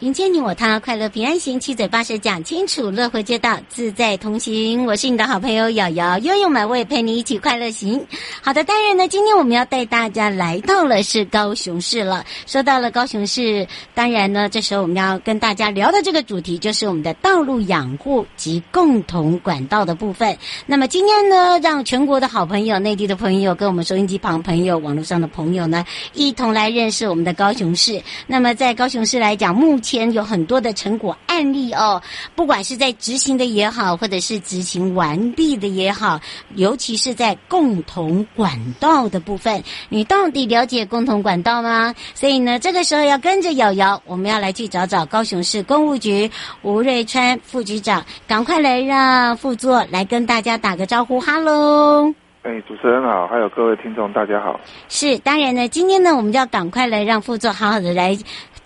營建你我他快樂平安行，七嘴八舌講清楚，樂活街道自在同行。我是你的好朋友瑤瑤，擁有美味陪你一起快樂行。好的，當然呢，今天我們要帶大家來到了是高雄市了。說到了高雄市，當然呢，這時候我們要跟大家聊的這個主題就是我們的道路養護及共同管道的部分。那麼今天呢，讓全國的好朋友、內地的朋友、跟我們收音機旁朋友、網絡上的朋友呢，一同來認識我們的高雄市。那麼在高雄市來講，目前前有很多的成果案例哦，不管是在執行的也好，或者是執行完畢的也好，尤其是在共同管道的部分，你到底了解共同管道嗎？所以呢，這個時候要跟着瑤瑤，我們要來去找找高雄市工務局吳瑞川副局長，趕快來讓副座來跟大家打個招呼，哈嘍！哎，主持人好，還有各位聽眾大家好。是，當然呢，今天呢，我們就要趕快來讓副座好好的來。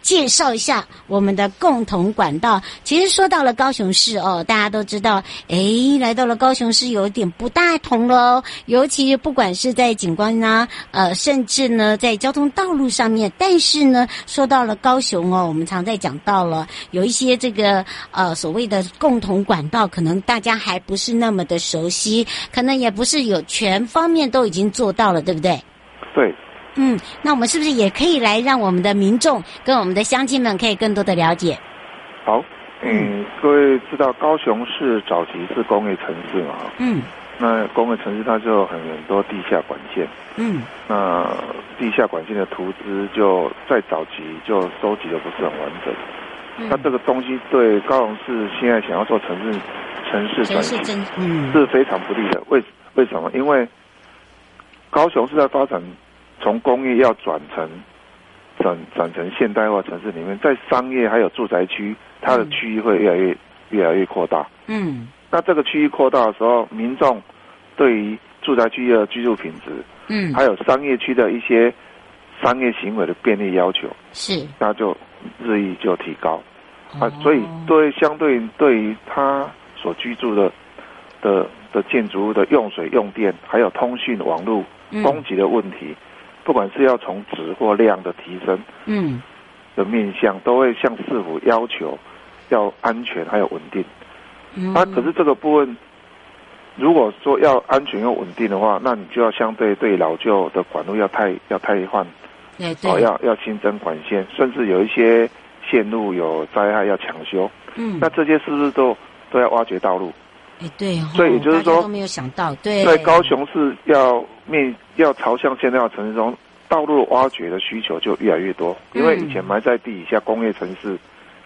介紹一下我們的共同管道。其實說到了高雄市哦，大家都知道，哎，來到了高雄市有點不大同嘍。尤其不管是在景觀啊，呃，甚至呢在交通道路上面，但是呢說到了高雄哦，我們常在講到了有一些這個呃所謂的共同管道，可能大家還不是那麼的熟悉，可能也不是有全方面都已經做到了，對不對？對。嗯，那我們是不是也可以來讓我們的民眾跟我們的鄉親們可以更多的了解？好，嗯，各位知道高雄市早期是工業城市嘛？嗯，那工業城市它就很很多地下管線。嗯，那地下管線的圖資就在早期就收集的不是很完整。嗯，那這個東西對高雄市現在想要做城市城市轉型，嗯，是非常不利的。為為什麼？因為高雄是在發展。從工業要轉成轉轉成現代化城市裡面，在商業還有住宅區，它的區域會越來越越來越擴大。嗯，那這個區域擴大的時候，民眾對於住宅區的居住品質，嗯，還有商業區的一些商業行為的便利要求，是，那就日益就提高啊。所以對相對於對於他所居住的的的建築物的用水用電，還有通訊網絡供給的問題。嗯不管是要從質或量的提升，嗯，的面向，嗯、都會向市府要求要安全還有穩定。嗯，啊，可是這個部分，如果說要安全又穩定的話，那你就要相對對老舊的管路要汰要汰換，哦要要新增管線，甚至有一些線路有災害要搶修。嗯，那這些是不是都都要挖掘道路？哎、欸，對，所以也就是說、哦、都沒有想到，對，在高雄是要面要朝向現在的城市中，道路挖掘的需求就越來越多。嗯、因為以前埋在地底下工業城市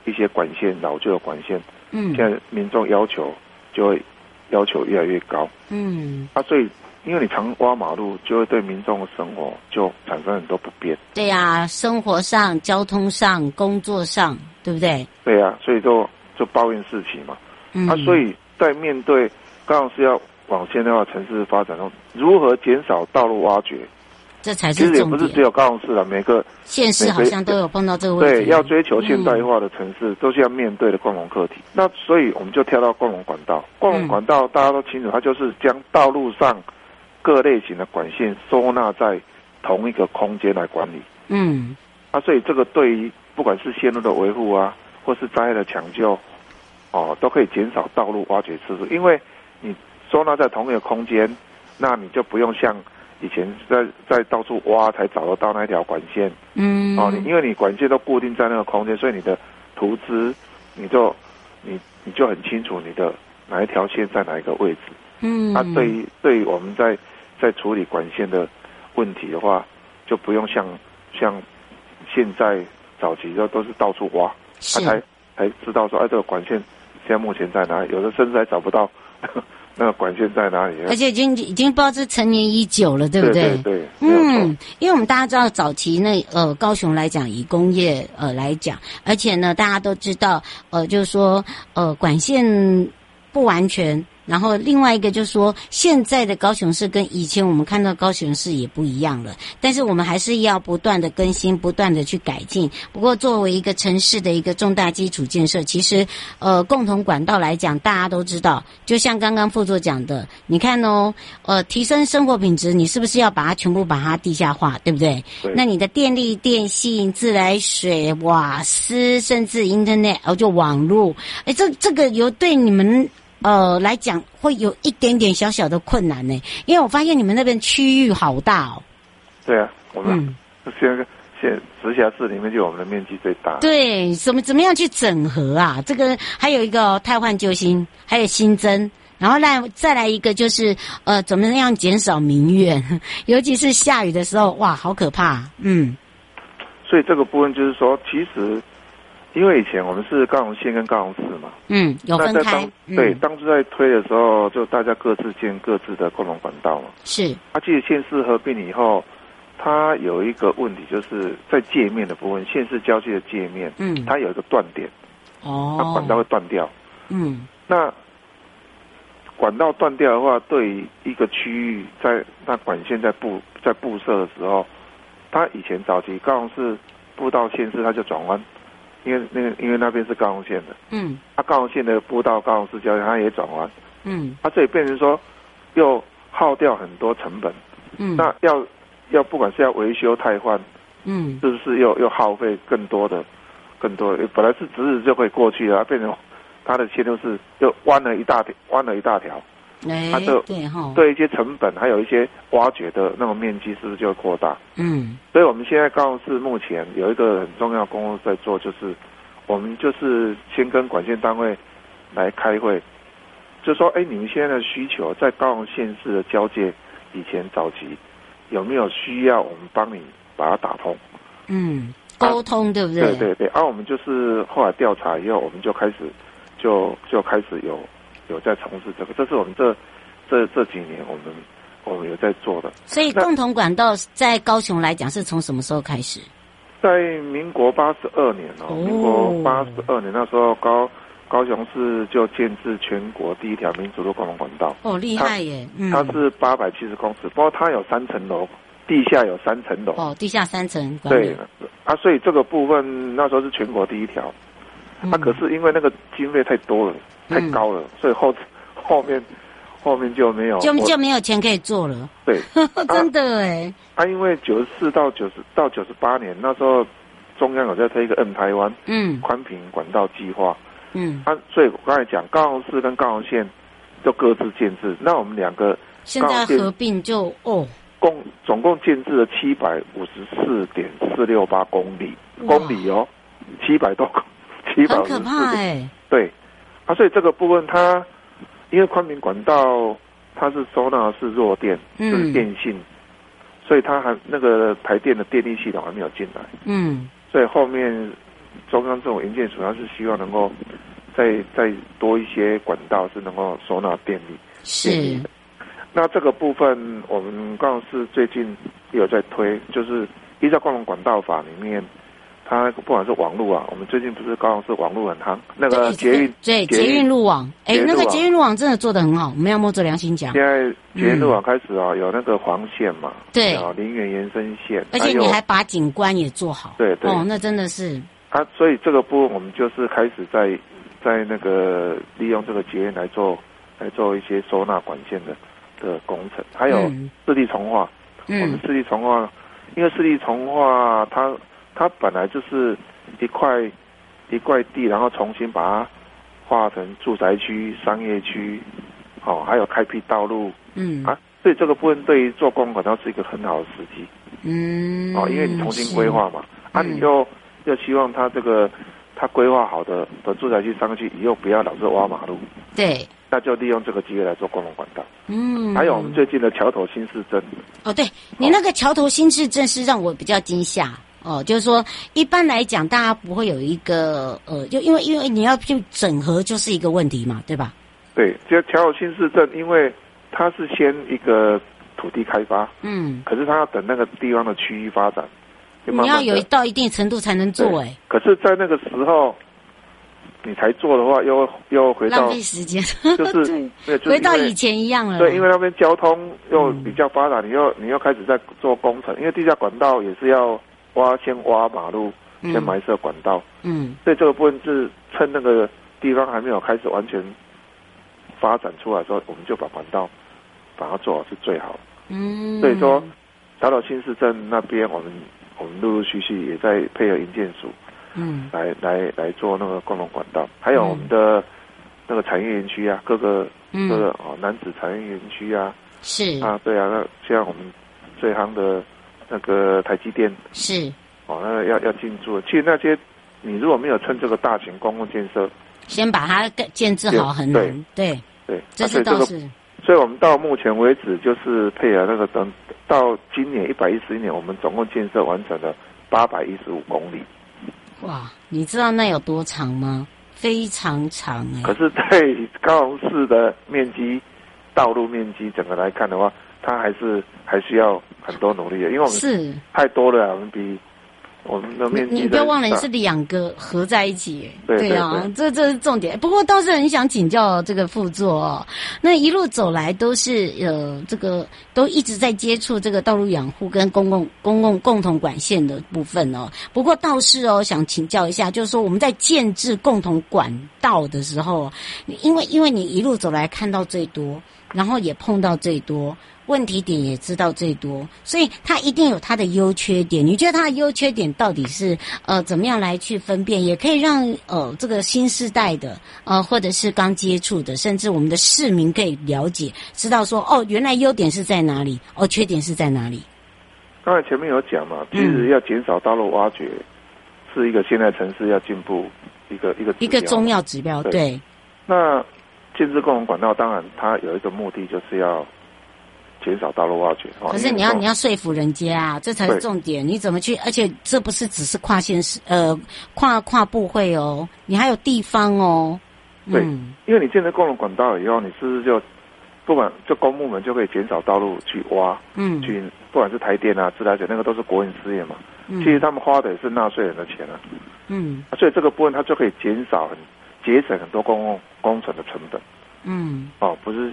一些管線老舊的管線，嗯，現在民眾要求就會要求越來越高，嗯，啊，所以因為你常挖馬路，就會對民眾的生活就產生很多不便。對呀、啊，生活上、交通上、工作上，對不對？對呀、啊，所以就就抱怨事情嘛，嗯，啊，所以。在面對高雄市要往現代化的城市的發展中，如何減少道路挖掘，這才是重點。其實也不是只有高雄市了，每個縣市好像個都有碰到這個問題。對，要追求現代化的城市，嗯、都是要面對的共同課題。那所以我們就跳到共同管道。共同管道大家都清楚，它就是將道路上各類型的管線收納在同一個空間來管理。嗯，啊，所以這個對於不管是線路的維護啊，或是災害的搶救。哦，都可以減少道路挖掘次數，因為你收納，在同一個空間，那你就不用像以前在在到處挖才找得到那條管線。嗯，哦，你因為你管線都固定在那個空間，所以你的圖紙你就你你就很清楚你的哪一條線在哪一個位置。嗯，那對於對於我們在在處理管線的問題的話，就不用像像現在早期的都是到處挖，他是、啊、才才知道說哎、啊，這個管線。現在目前在哪裡？有的甚至還找不到那個管線在哪裡。而且已經已經不知道是陳年已久了，對不對？對對對。嗯，因為我們大家知道，早期那呃，高雄來講以工業呃來講，而且呢，大家都知道呃，就是說呃，管線不完全。然後另外一個就是說，現在的高雄市跟以前我們看到高雄市也不一樣了。但是我們還是要不斷的更新，不斷的去改進。不過作為一個城市的一個重大基礎建設，其實呃，共同管道來講，大家都知道。就像剛剛副座講的，你看哦，呃，提升生活品質，你是不是要把它全部把它地下化，對不對？對。那你的電力、電信、自來水、瓦斯，甚至 internet、哦、就網絡，哎，這這個有對你們。呃，來講會有一點點小小的困難呢，因為我發現你們那邊區域好大哦。對啊，我們、啊嗯、現在三直轄市裡面就我們的面積最大。對，怎麼怎麼樣去整合啊？這個還有一個汰、哦、換救星，還有新增，然後來再來一個就是呃，怎麼樣減少民怨？尤其是下雨的時候，哇，好可怕、啊。嗯，所以這個部分就是說，其實。因為以前我們是高雄縣跟高雄市嘛，嗯，嗯，那在當，對，當初在推的時候，就大家各自建各自的共同管道嘛。是。它其實縣市合併以後，它有一個問題，就是在界面的部分，縣市交界的界面，嗯，它有一個斷點，哦，那管道會斷掉。嗯。那管道斷掉的話，對一個區域在那管線在布在布設的時候，他以前早期高雄市布到縣市，它就轉彎。因為那個，因為那邊是高雄縣的，嗯，它、啊、高雄縣的步道高，高雄市交界，它也轉彎，嗯，它這也變成說，又耗掉很多成本，嗯，那要要不管是要維修汰換，嗯，是不是又又耗費更多的，更多的，本來是直直就可以過去啊，變成它的線路是又彎了一大條，彎了一大條。它的、哎啊、對對、哦、對一些成本，還有一些挖掘的那種面積，是不是就會擴大？嗯，所以，我們現在高雄市目前有一個很重要的工作在做，就是我們就是先跟管線單位來開會，就說：哎，你們現在的需求在高雄縣市的交界以前早期有沒有需要我們幫你把它打通？嗯，溝通、啊、對不對？對對對。而、啊、我們就是後來調查以後，我們就開始就就開始有。有在從事這個，這是我們這這這幾年我們我們有在做的。所以，共同管道那在高雄來講，是從什麼時候開始？在民國八十二年哦，民國八十二年那時候高，高、哦、高雄市就建置全國第一條民族路共同管道。哦，厲害耶！嗯、它，它是八百七十公尺，不過它有三層樓，地下有三層樓。哦，地下三層。對，啊，所以這個部分那時候是全國第一條。他、啊、可是因為那個經費太多了，嗯、太高了，所以後後面後面就沒有，就就沒有錢可以做了。對， 真的哎耶。他、啊啊、因為九十四到九十到九十八年那時候，中央有在推一個台“嗯，台灣嗯寬頻管道計劃嗯”，他所以我剛才講高雄市跟高雄縣就各自建置，那我們兩個現在合併就哦，共總共建置了七百五十四點四六八公里公里哦，七百哇多公里。很可怕哎，欸嗯，對，啊，所以這個部分它，因為共同管道它是收納是弱電，就是電信，嗯嗯嗯，所以它還那個排電的電力系統還沒有進來，嗯，所以後面中央這種營建主要是希望能夠再再多一些管道是能夠收納電力，是，嗯，那這個部分我們剛是最近有在推，就是依照《共同管道法》裡面。他不管是網路啊，我們最近不是高雄市網路很夯，那個捷運對捷運路網，哎，那個捷運路網真的做得很好，我們要摸着良心講。現在捷運路網開始啊，有那個黃線嘛，對啊，林園延伸線，而且你還把景觀也做好，對對，那真的是。啊，所以這個部分我們就是開始在在那個利用這個捷運來做來做一些收納管線的的工程，還有市地重劃，我們市地重劃，因為市地重劃它。它本來就是一塊一塊地，然後重新把它劃成住宅區、商業區，哦，還有開闢道路。嗯啊，所以這個部分對於做共同管道是一個很好的時機。嗯，啊、哦，因為你重新規劃嘛，嗯、啊，你就就希望它這個它規劃好的好的住宅區、商業區以後不要老是挖馬路。對，那就利用這個機會來做共同管道。嗯，還有我們最近的橋頭新市鎮。哦，對你那個橋頭新市鎮是讓我比較驚嚇。哦，就是說，一般來講，大家不會有一個呃，就因為因為你要去整合，就是一個問題嘛，對吧？對，就橋頭新市鎮，因為它是先一個土地開發，嗯，可是它要等那個地方的區域發展，慢慢你要有對到一定程度才能做哎、欸。可是在那個時候，你才做的話，又又回到浪費時間，就是回到以前一樣了。對，因為那邊交通又比較發達，嗯、你又你又開始在做工程，因為地下管道也是要。挖先挖馬路，先埋設管道。嗯，對、嗯、這個部分是趁那個地方還沒有開始完全發展出來之後，我們就把管道把它做好是最好。嗯，所以說，打倒新市鎮那邊，我們我們陸陸續續也在配合營建署，嗯，來來來做那個共同管道。還有我們的那個產業園區啊，各個、嗯、各個哦，楠梓產業園區啊，是啊，對啊，那像我們這行的。那個台積電是哦，那個、要要進駐。其實那些你如果沒有趁這個大型公共建設，先把它建置好很難。對對，對這些都是倒、啊就是。所以我們到目前為止，就是配合那個等，到今年一百一十一年，我們總共建設完成了八百一十五公里。哇，你知道那有多長嗎？非常長、欸、可是，對高雄市的面積、道路面積整個來看的話，它還是還需要。很多努力的，因為我們是太多了、啊，是我們比我們那面積。你不要忘了，是兩個合在一起。對對對、啊、這這是重點。不過倒是很想請教這個副座哦，那一路走來都是呃這個，都一直在接觸這個道路養護跟公共公共，共共同管線的部分哦。不過倒是哦，想請教一下，就是說我們在建置共同管道的時候，因為因為你一路走來看到最多，然後也碰到最多。問題點也知道最多，所以它一定有它的優缺點。你覺得它的優缺點到底是呃怎麼樣來去分辨？也可以讓呃這個新世代的呃或者是剛接觸的，甚至我們的市民可以了解，知道說哦原來優點是在哪裡，哦缺點是在哪裡。剛才前面有講嘛，其實要減少道路挖掘，嗯、是一個現代城市要進步一個一個一個重要指標。指標對。對那建設共同管道，當然它有一個目的，就是要。減少道路挖掘，可是你要、嗯、你要說服人家，啊，這才是重點。對你怎麼去？而且這不是只是跨縣市呃跨跨部會哦，你還有地方哦。對，嗯、因為你建了共同管道以後，你是不是就不管就公部門就可以減少道路去挖？嗯，去不管是台電啊自來水那個都是國營事業嘛，嗯、其實他們花的也是納稅人的錢啊。嗯啊，所以這個部分它就可以減少很節省很多公共工程的成本。嗯，哦，不是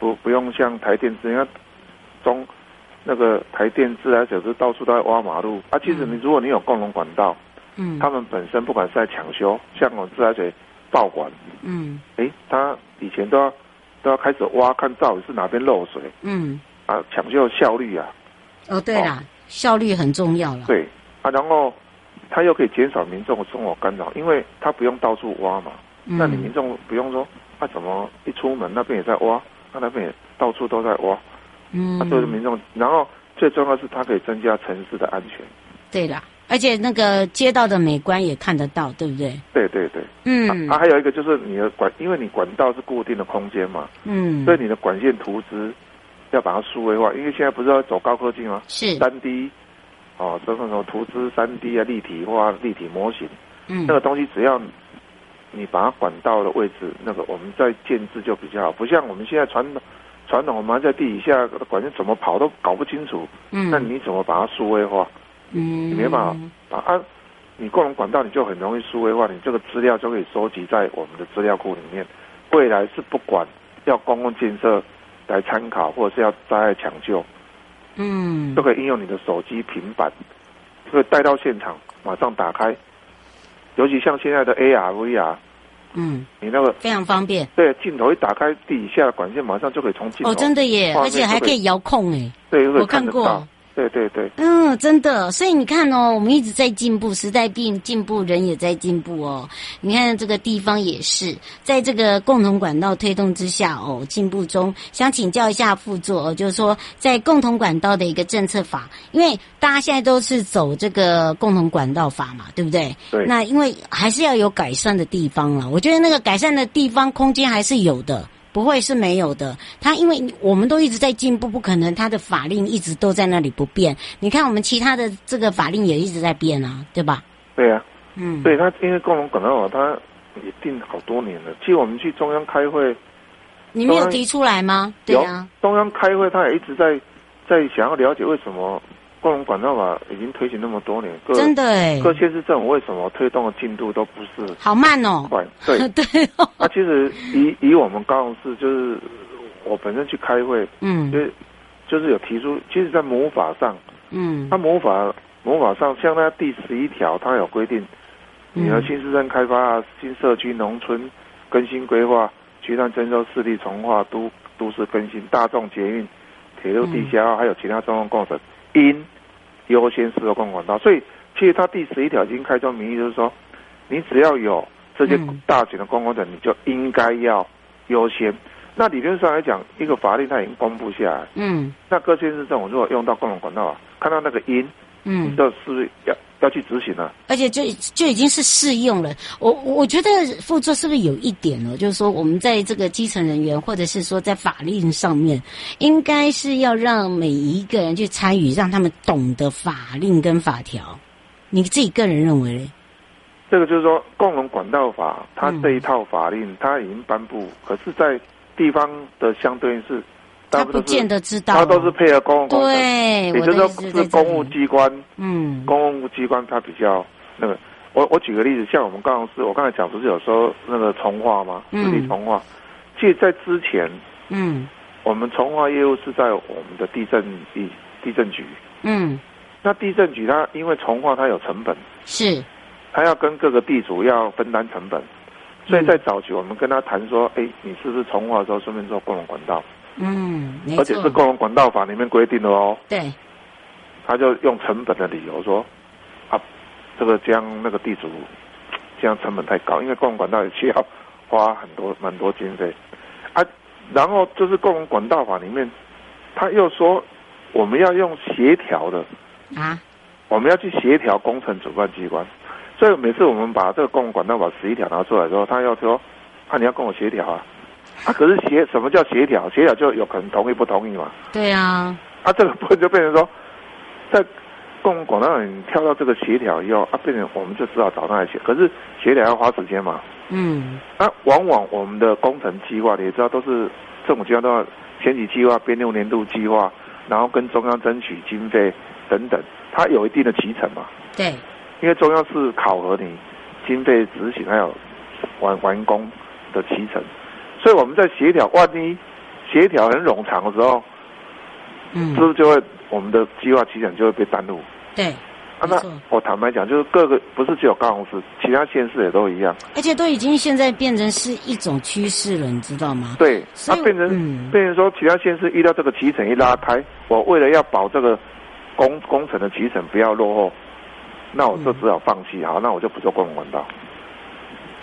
不不用像台電這樣。那個台電自來水是到處都在挖馬路啊！其實你如果你有共同管道，嗯，嗯，他們本身不管是在搶修，像我們自來水爆管，嗯，哎，他以前都要都要開始挖看到底是哪邊漏水，嗯，啊，搶修效率啊，哦，對啊。哦、效率很重要了，對啊，然後他又可以減少民眾的生活干擾，因為他不用到處挖嘛，嗯，那你民眾不用說他、啊、怎麼一出門那邊也在挖，那那邊也到處都在挖。嗯，都、啊就是民眾。然後最重要是，它可以增加城市的安全。對的，而且那個街道的美觀也看得到，對不對？對對對，嗯啊。啊，還有一個就是你的管，因為你管道是固定的空間嘛，嗯。所以你的管線圖紙要把它數位化，因為現在不是要走高科技嗎？是。三 D，哦，這、就是什麼圖紙三 D 啊，立體化立體模型，嗯，那個東西只要你把管道的位置那個我們再建置就比較好，不像我們現在傳統。傳統我們還在地底下，管線怎麼跑都搞不清楚。嗯，那你怎麼把它數位化？嗯，你沒辦法。它、啊，你共同管道你就很容易數位化，你這個資料就可以收集在我們的資料庫裡面。未來是不管要公共建設來參考，或者是要災害搶救，嗯，都可以應用你的手機、平板，就可以帶到現場馬上打開。尤其像現在的 AR、VR。VR，嗯，你那個非常方便。對，鏡頭一打開，地下管線馬上就可以從鏡頭哦，真的耶，而且還可以遙控哎，對，我看過。對對對對，嗯，真的，所以你看哦，我們一直在進步，時代變進步，人也在進步哦。你看這個地方也是，在這個共同管道推動之下哦，進步中。想請教一下副座哦，就是說在共同管道的一個政策法，因為大家現在都是走這個共同管道法嘛，對不對？對。那因為還是要有改善的地方啦，我覺得那個改善的地方空間還是有的。不會是沒有的，他因為我們都一直在進步，不可能他的法令一直都在那裡不變。你看，我們其他的這個法令也一直在變啊，對吧？對啊，嗯，對他因為共同管道他也定好多年了，其實我們去中央開會，你沒有提出來嗎？對呀、啊，中央開會他也一直在在想要了解為什麼。共同管道法已經推行那麼多年，各真的各縣市政府為什麼推動的進度都不是好慢哦？對對， 對哦、啊其實以以我們高雄市，就是我本身去開會，嗯，就就是有提出，其實，在母法上，嗯，它母法母法上，像它第十一條，它有規定，你要新市鎮開發、新社區、農村更新規劃、區段徵收、市地重劃、都都市更新、大眾捷運、鐵路地下化、嗯、還有其他專用工程，因優先使用共同管道，所以其實他第十一條已經開宗明義，就是說，你只要有這些大型的公共者，嗯、你就應該要優先。那理論上來講，一個法令它已經公布下來，嗯，那各縣市政府如果用到共同管道啊，看到那個音，嗯，你就是,不是要。要去執行了，而且就就已經是適用了。我我覺得副座是不是有一點哦？就是說，我們在這個基層人員，或者是說在法令上面，應該是要讓每一個人去參與，讓他們懂得法令跟法條。你自己個人認為呢？這個就是說，共同管道法，它這一套法令它已經頒布，可是，在地方的相對應是。他不見得知道，他都是配合公共管道，對，也就是說是公務機關，嗯，公務機關他比較那個。我我舉個例子，像我們剛剛是我剛才講，不是有時候那個重劃嗎？嗯，市地重劃。其實，在之前，嗯，我們重劃業務是在我們的地震地地震局，嗯，那地震局它因為重劃它有成本，是，它要跟各個地主要分擔成本，所以在早期我們跟他談說，哎、嗯，你是不是重劃的時候順便做公共管道？嗯，而且是《共同管道法》裡面規定的哦。對。他就用成本的理由說，啊，這個將那個地主這樣成本太高，因為共同管道也需要花很多、蠻多經費啊。然後就是《共同管道法》裡面，他又說我們要用協調的啊，我們要去協調工程主辦機關。所以每次我們把這個《共同管道法》十一條拿出來之後，他要說啊，你要跟我協調啊。啊，可是協什麼叫協調？協調就有可能同意不同意嘛？對呀。啊，啊，這個不就變成說，在共廣大人跳到這個協調以後，啊，變成我們就只好找那些協。可是協調要花時間嘛？嗯。那、啊、往往我們的工程計劃，你知道，都是政府機關都要前期計劃、編六年度計劃，然後跟中央爭取經費等等，它有一定的期程嘛？對。因為中央是考核你經費執行還有完完工的期程。所以我們在協調，萬一協調很冗長的時候，嗯，是不是就會我們的計劃期程就會被耽誤？對，那、啊、錯我坦白講，就是各個不是只有高雄市，其他縣市也都一樣。而且都已經現在變成是一種趨勢了，你知道嗎？對，那以、啊、變成、嗯、變成說，其他縣市遇到這個期程一拉開，我為了要保這個工工程的期程不要落後，那我就只好放棄好，嗯、好，那我就不做共同管道。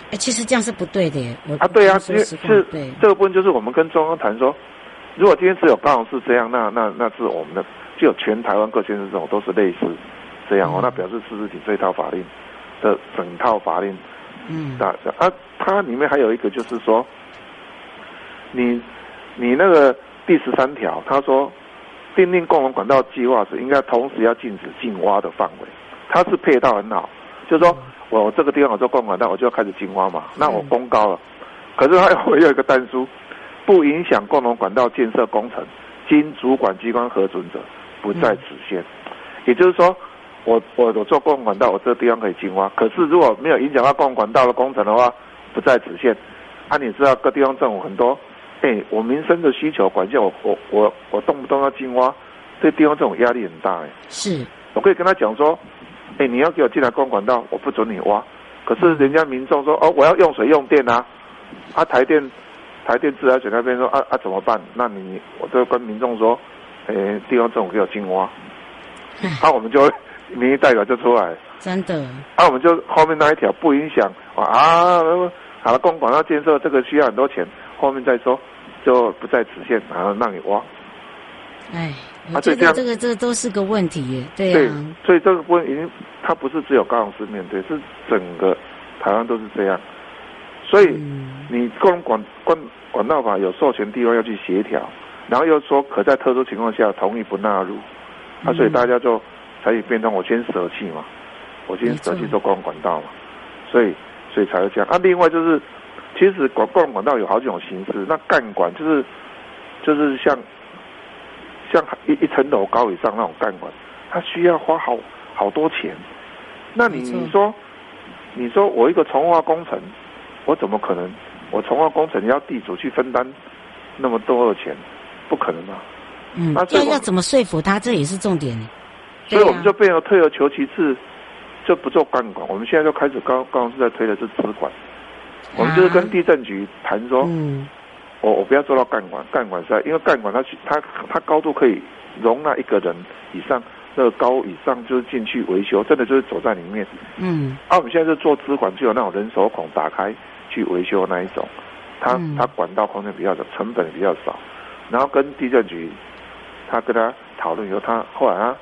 哎、欸，其實這樣是不對的。啊，對啊，其實是，是對這個部分，就是我們跟中央談說，如果今天只有高雄是這樣，那那那是我們的，就有全台灣各縣市這種都是類似這樣哦，嗯、那表示是自己這套法令的整套法令，嗯，啊，它裡面還有一個就是說，你你那個第十三條，他說，訂定共同管道計劃時，應該同時要禁止進挖的範圍，它是配套很好，就是說。嗯我這個地方我做共同管道，我就要開始禁挖嘛。那我公告了，嗯、可是它會有，有一個但書，不影響共同管道建設工程經主管機關核准者，不在此限。嗯、也就是說，我我我做共同管道，我這個地方可以禁挖。可是如果沒有影響到共同管道的工程的話，不在此限。那、啊、你知道各地方政府很多，哎，我民生的需求管，管線，我我我我動不動要禁挖，這地方政府壓力很大哎。是，我可以跟他講說。哎、欸，你要給我進來公管道，我不准你挖。可是人家民眾說，哦，我要用水用電啊，啊，台電，台電自來水那邊說，啊啊，怎麼辦？那你我就跟民眾說，哎、欸，地方政府給我禁挖。那唉、啊、我們就民意代表就出來。真的。那、啊、我們就後面那一條不影響啊，啊公管道建設這個需要很多錢，後面再說，就不在此限，然後讓你挖。哎。啊，這個、這個、這個都是個問題耶，對呀、啊。對，所以這個問題已經，它不是只有高雄市面對，是整個台灣都是這樣。所以你共同管管管道法有授權地方要去協調，然後又說可在特殊情況下同意不納入。嗯、啊，所以大家就採取變通，我先捨棄嘛，我先捨棄做共同管道嘛。所以，所以才會這樣。啊，另外就是，其實共同管道有好幾種形式，那幹管就是就是像。像一一層樓高以上那種幹管，它需要花好好多錢。那你你說，沒錯，你說我一個重劃工程，我怎麼可能？我重劃工程要地主去分擔那麼多的錢，不可能嘛。嗯，那要要怎麼說服他？這也是重點。啊、所以我們就變成退而求其次，就不做幹管。我們現在就開始剛剛是在推的，是支管。我們就是跟地政局談說。啊嗯我我不要做到幹管，幹管是，因為幹管它去它它高度可以容納一個人以上，那個高以上就是進去維修，真的就是走在裡面。嗯。啊，我們現在是做支管，就有那種人手孔打開去維修那一種，它、嗯、它管道空間比較小，成本也比較少。然後跟地震局，他跟他討論以後，他後來他，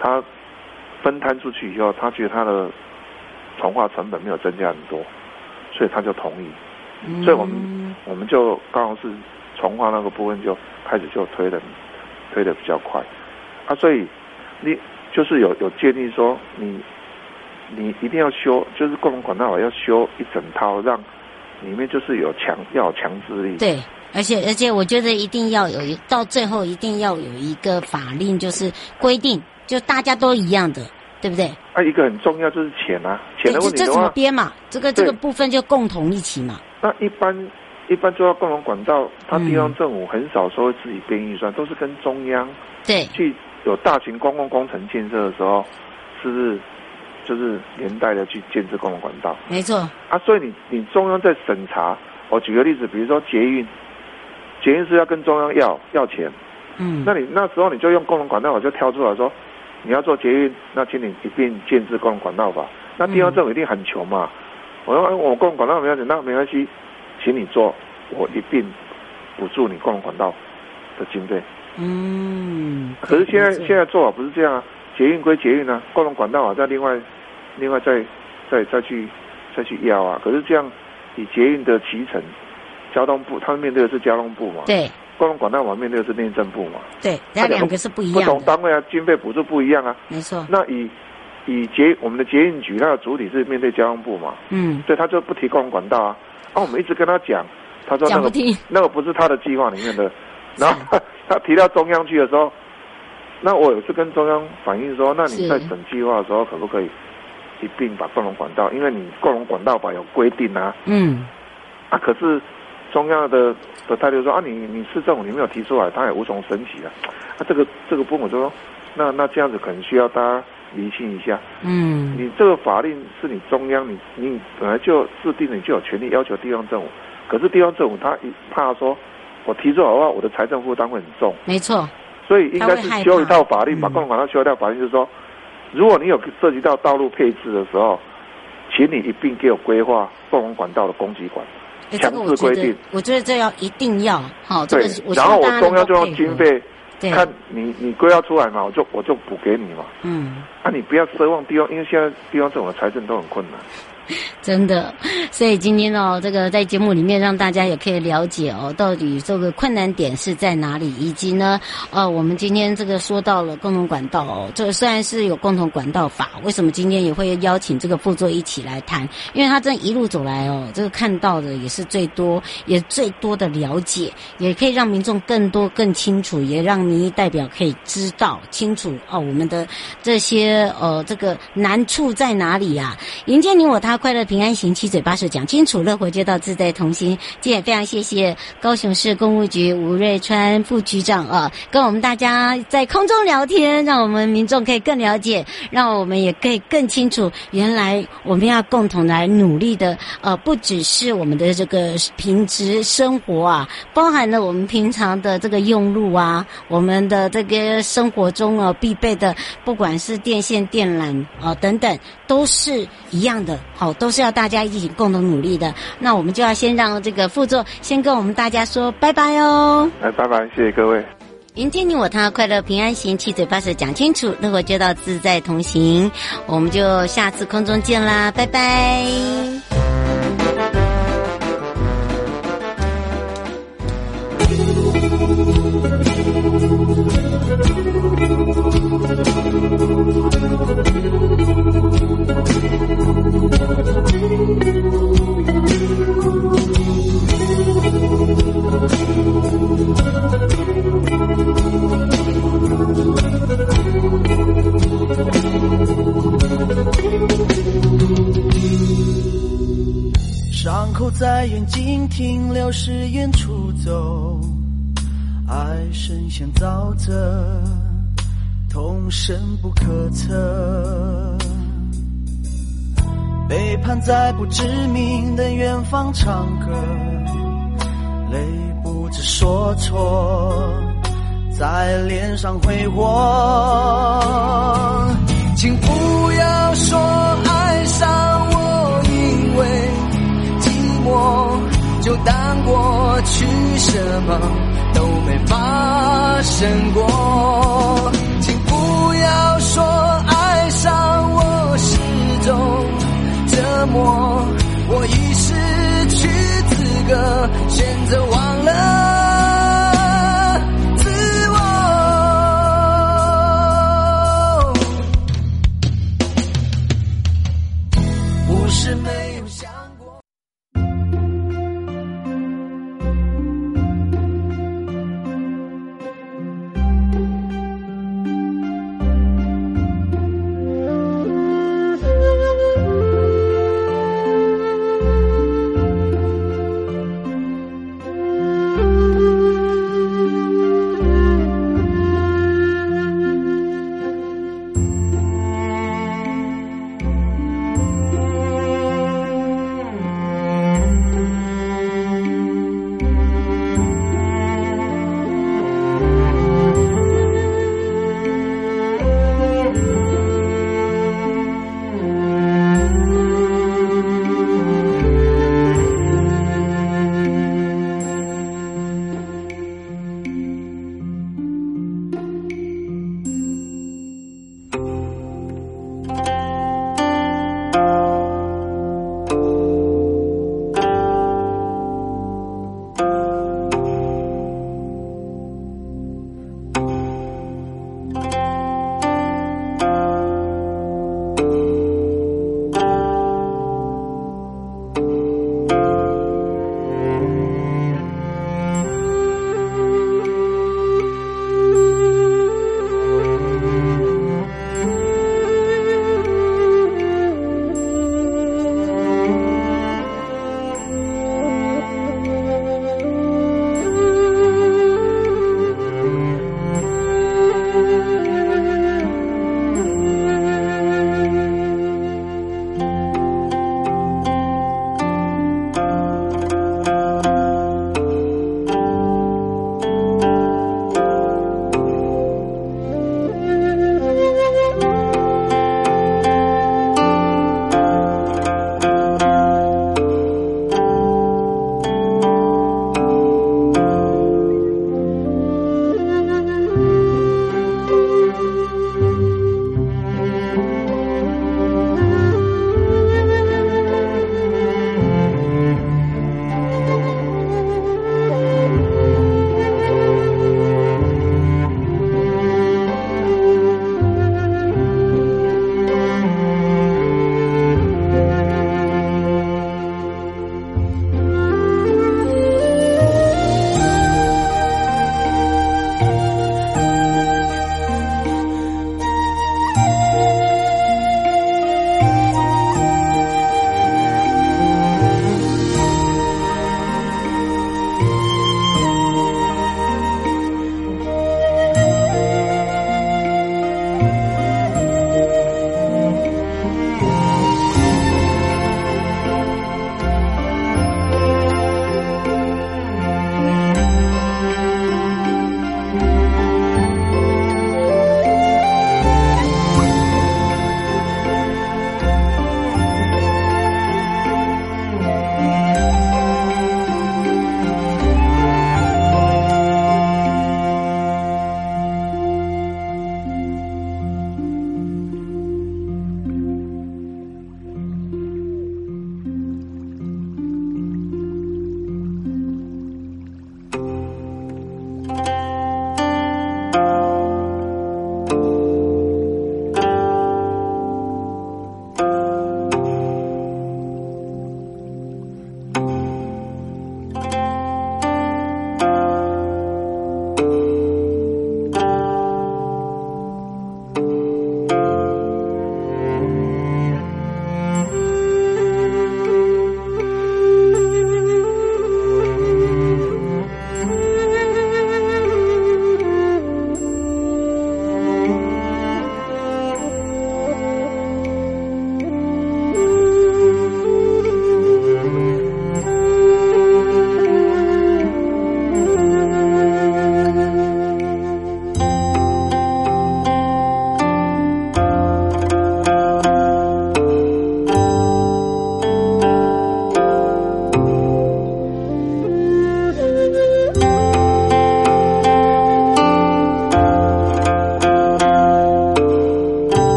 他分攤出去以後，他覺得他的通話成本沒有增加很多，所以他就同意。所以我們、嗯、我們就剛好是重劃，那個部分就開始就推的，推的比較快。啊，所以你就是有有建議說，你你一定要修，就是共同管道法要修一整套，讓裡面就是有強要有強制力。對，而且而且我覺得一定要有一到最後一定要有一個法令，就是規定，就大家都一樣的，對不對？啊，一個很重要就是錢啊，錢的問題的。欸、這怎麼編嘛？這個對這個部分就共同一起嘛。那一般一般做到共同管道，它地方政府很少說會自己編預算，嗯、都是跟中央對去有大型公共工程建設的時候，是不是就是連帶的去建設共同管道。沒錯。啊，所以你你中央在審查，我舉個例子，比如說捷運，捷運是要跟中央要要錢，嗯，那你那時候你就用共同管道，我就挑出來說，你要做捷運，那請你一定建設共同管道吧。那地方政府一定很窮嘛。嗯我說，我共同管道沒關係，那沒關係，請你做，我一併補助你共同管道的經費。嗯，可是現在對現在做法不是這樣啊，捷運歸捷運啊，共同管道啊再另外另外再再再，再去再去要啊。可是這樣，以捷運的提成，交通部他們面對的是交通部嘛，對，共同管道網面對的是內政部嘛，對，他兩個是不一樣，不同單位啊，經費補助不一樣啊，沒錯錯，那以。以捷我們的捷運局，它的主體是面對交通部嘛？嗯，對，他就不提共同管道啊。啊，我們一直跟他講，他說那個那個不是他的計劃裡面的。然後他，是他提到中央去的時候，那我有次跟中央反映說，那你在審計劃的時候，可不可以一併把共同管道？因為你共同管道法有規定啊。嗯，啊，可是中央的的態度說啊你，你你市政府你沒有提出來，他也無從審起啊。啊、這個，這個這個部門說，那那這樣子可能需要大家。理清一下，嗯，你這個法令是你中央，你你本來就制定了，方，你就有權利要求地方政府。可是地方政府他一怕說，我提出好的話，我的財政負擔會很重。沒錯錯，所以應該是修一套法律，嗯、把共同管道修掉。法律就是說，如果你有涉及到道路配置的時候，請你一併給我規劃共同管道的供給管，強、欸這個、制規定。我覺得這要一定要好，這個、對，然後我中央就用經費。對看你，你歸要出來嘛，我就我就補給你嘛。嗯，啊，你不要奢望地方，因為現在地方政府的財政都很困難。真的，所以今天哦，這個在節目裡面讓大家也可以了解哦，到底這個困難點是在哪裡，以及呢呃，我們今天這個說到了共同管道哦，這個雖然是有共同管道法，為什麼今天也會邀請這個副座一起來談？因為他這一路走來哦，這個看到的也是最多，也最多的了解，也可以讓民眾更多、更清楚，也讓民意代表可以知道清楚哦，我們的這些呃這個難處在哪裡啊，營建你我他。快樂平安行，七嘴八舌講清楚，樂活街道自在同行。今天也非常謝謝高雄市工務局吳瑞川副局長啊、呃，跟我們大家在空中聊天，讓我們民眾可以更了解，讓我們也可以更清楚，原來我們要共同來努力的。呃，不只是我們的這個平時生活啊，包含了我們平常的這個用路啊，我們的這個生活中啊必備的，不管是電線電纜啊、呃、等等，都是一樣的。好。都是要大家一起共同努力的。那我們就要先讓這個副座先跟我們大家說拜拜哦。來，拜拜，謝謝各位。營建你我他，快樂平安行，七嘴八舌講清楚，樂活街道自在同行，我們就下次空中見啦，拜拜。誓言出走，愛深陷沼澤，痛深不可測。背叛在不知名的遠方唱歌，淚不知所措，在臉上揮霍。去什麼都沒發生過，請不要說愛上我是種折磨，我已失去資格，選擇忘。